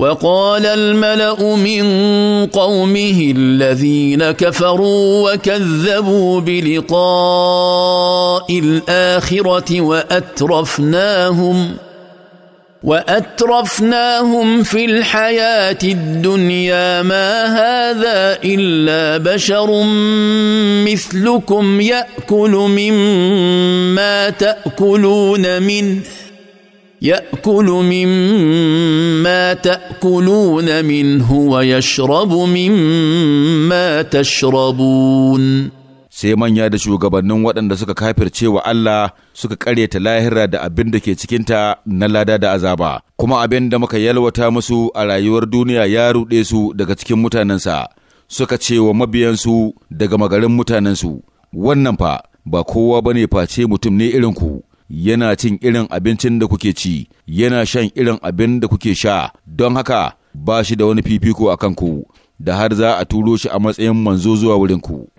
وقال الملا من قومه الذين كفروا وكذبوا بلقاء الاخره واترفناهم واترفناهم في الحياه الدنيا ما هذا الا بشر مثلكم ياكل مما تاكلون منه ياكل مما تاكلون منه ويشرب مما تشربون sai manya da shugabannin waɗanda suka kafirce wa Allah suka ƙaryata lahira da abin da ke cikinta na lada da azaba kuma abin da muka yalwata musu a rayuwar duniya ya ruɗe su daga cikin mutanensa suka ce wa mabiyansu daga magarin mutanensu wannan fa ba kowa bane face mutum ne irin ku yana cin irin abincin da kuke ci, yana shan irin abin da kuke sha, don haka ba shi da wani fifiko a kanku, da har za a turo shi a matsayin manzo zuwa wurinku.